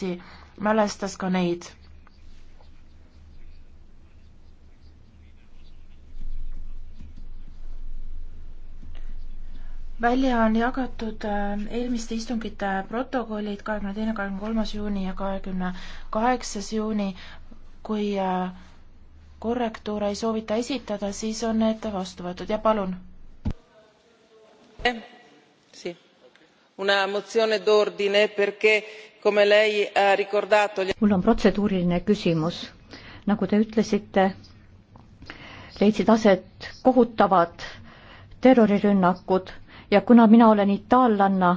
mälestisi, mälestas ka neid. välja on jagatud äh, eelmiste istungite protokollid kahekümne teine, kahekümne kolmas juuni ja kahekümne kaheksas juuni. kui äh, korrektuure ei soovita esitada, siis on need vastu võetud ja palun eh, una mozione d'ordine perché come lei ha ricordato mul on protseduuriline küsimus nagu te ütlesite leidsid aset kohutavad terrorirünnakud ja kuna mina olen itaallanna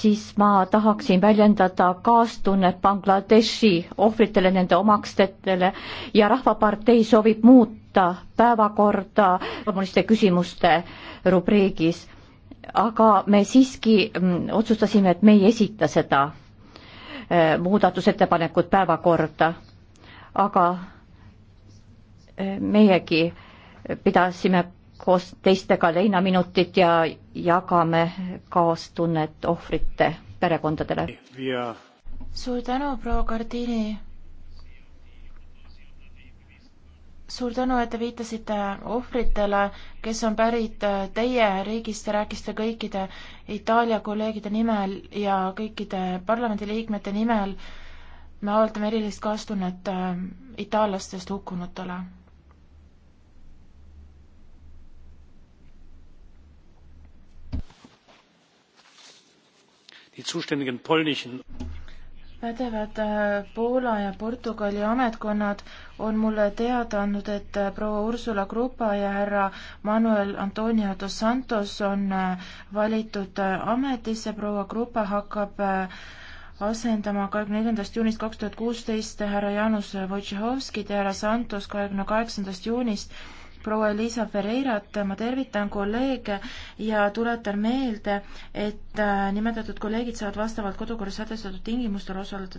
siis ma tahaksin väljendada kaastunnet Bangladeshi ohvritele, nende omakstetele ja Rahvapartei soovib muuta päevakorda kommuniste küsimuste rubriigis. aga me siiski mm, otsustasime, et me ei esita seda Eh, muudatusettepanekud päevakorda, aga eh, meiegi pidasime koos teistega leinaminutit ja jagame kaastunnet ohvrite perekondadele. suur tänu, proua Gardini suur tänu, et te viitasite ohvritele, kes on pärit äh, teie riigist, te rääkisite kõikide Itaalia kolleegide nimel ja kõikide parlamendiliikmete nimel. me avaldame erilist kaastunnet äh, itaallastest hukkunutele. die zuständigen polnischen pädevad äh, Poola ja Portugali ametkonnad on mulle teada andnud, et äh, proua Ursula Krupa ja härra Manuel Antonio dos Santos on äh, valitud ametisse, proua Krupa hakkab asendama kahekümne neljandast juunist kaks tuhat kuusteist härra Jaanus Wojciechowskit ja härra Santos kahekümne kaheksandast juunist proua Elisa Ferreirat, ma tervitan kolleege ja tuletan meelde, et äh, nimetatud kolleegid saavad vastavalt kodukorras sätestatud tingimustel osaleda